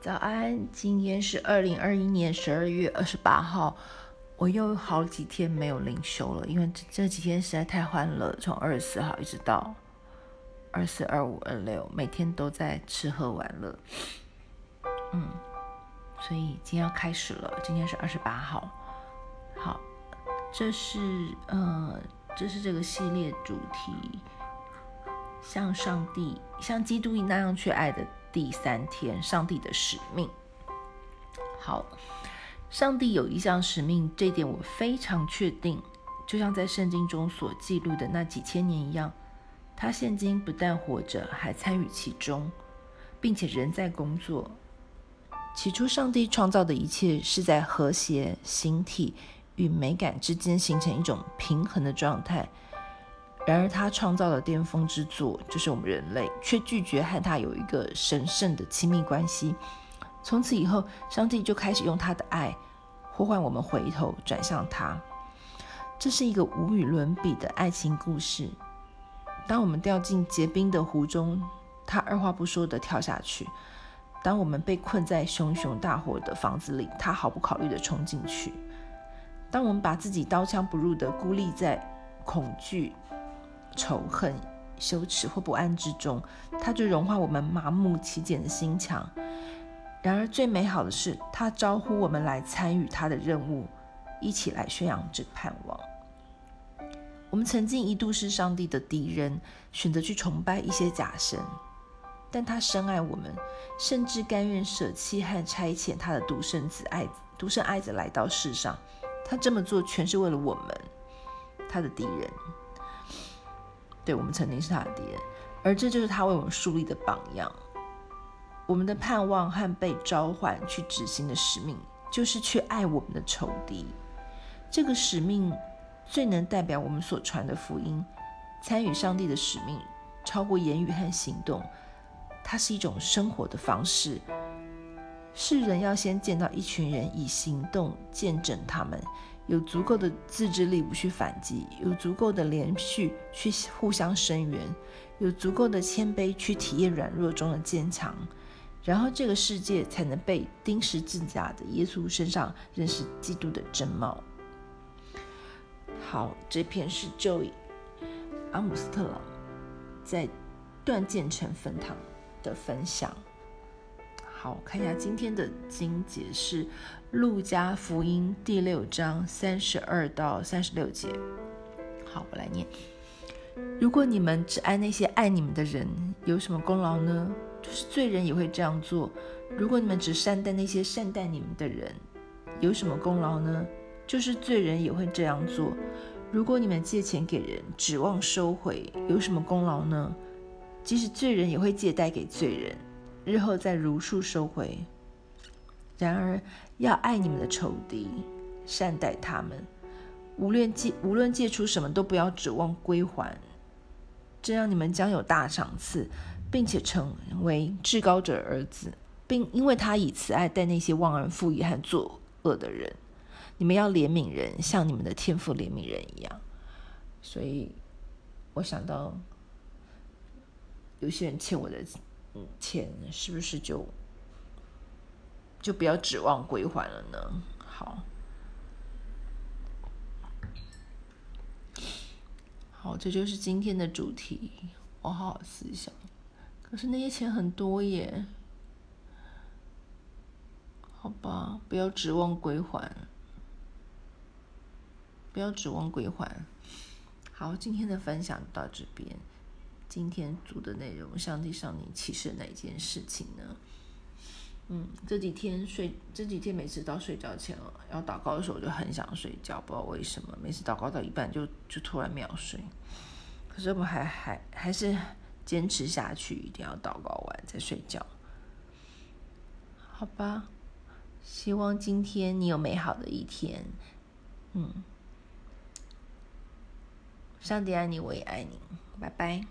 早安，今天是二零二一年十二月二十八號，我又好幾天沒有靈修了，因為這、這幾天實在太歡樂，從二十四號一直到二四、二五、二六，每天都在吃喝玩樂，嗯，所以今天要開始了，今天是二十八號，好，這是呃，這是這個系列主題，像上帝、像基督那樣去愛的。第三天，上帝的使命。好，上帝有一項使命，這點我非常確定。就像在聖經中所記錄的那幾千年一樣，他現今不但活着，還參與其中，並且仍在工作。起初，上帝創造的一切是在和諧、形體與美感之間形成一種平衡的狀態。然而，他創造的巔峰之作就是我們人類，卻拒絕和他有一個神聖的親密關係。從此以後，上帝就開始用他的愛呼喚我們回頭轉向他。這是一個無與倫比的愛情故事。當我們掉進結冰的湖中，他二話不說地跳下去；當我們被困在熊熊大火的房子裡，他毫不考慮地衝進去；當我們把自己刀槍不入地孤立在恐懼、仇恨、羞恥或不安之中，他就融化我們麻木、起繭的心牆。然而，最美好的是，他招呼我們來參與他的任務，一起來宣揚這個盼望。我們曾經一度是上帝的敵人，選擇去崇拜一些假神，但他深愛我們，甚至甘願捨棄和差遣他的獨生子愛獨生愛子來到世上。他這麼做全是為了我們，他的敵人。我們曾經是他的敵人，而這就是他為我們樹立的榜樣。我們的盼望和被召喚去執行的使命，就是去愛我們的仇敵。這個使命最能代表我們所傳的福音。參與上帝的使命，超過言語和行動，它是一種生活的方式。世人要先見到一群人以行動見證他們。有足夠的自制力不去反擊，有足夠的憐恤去互相聲援，有足夠的謙卑去體驗軟弱中的堅強，然後，這個世界才能被釘十字架的耶穌身上認識基督的真貌。好，這篇是 Joey 阿姆斯特朗在斷箭城分堂的分享。好，我看一下今天的經節是《路加福音》第六章三十二到三十六節。好，我來念：如果你們只愛那些愛你們的人，有什麼功勞呢？就是罪人也會這樣做。如果你們只善待那些善待你們的人，有什麼功勞呢？就是罪人也會這樣做。如果你們借錢給人，指望收回，有什麼功勞呢？即使罪人也會借貸給罪人。日後再如數收回。然而，要愛你們的仇敵，善待他們。無論借無論借出什麼都不要指望歸還，這樣你們將有大賞賜，並且成為至高者兒子。並因為他以慈愛待那些忘恩負義和作惡的人，你們要憐憫人，像你們的天父憐憫人一樣。所以，我想到有些人欠我的。錢是不是就就不要指望歸還了呢？好，好，這就是今天的主題。我好好思想，可是那些錢很多耶。好吧，不要指望歸還，不要指望歸還。好，今天的分享到這邊。今天讀的內容，上帝向你其實哪件事情呢？嗯，這幾天睡這幾天每次到睡覺前哦，要禱告的時候就很想睡覺，不知道為什麼，每次禱告到一半就就突然秒睡。可是我還還還是堅持下去，一定要禱告完再睡覺，好吧？希望今天你有美好的一天，嗯，上帝愛你，我也愛你，拜拜。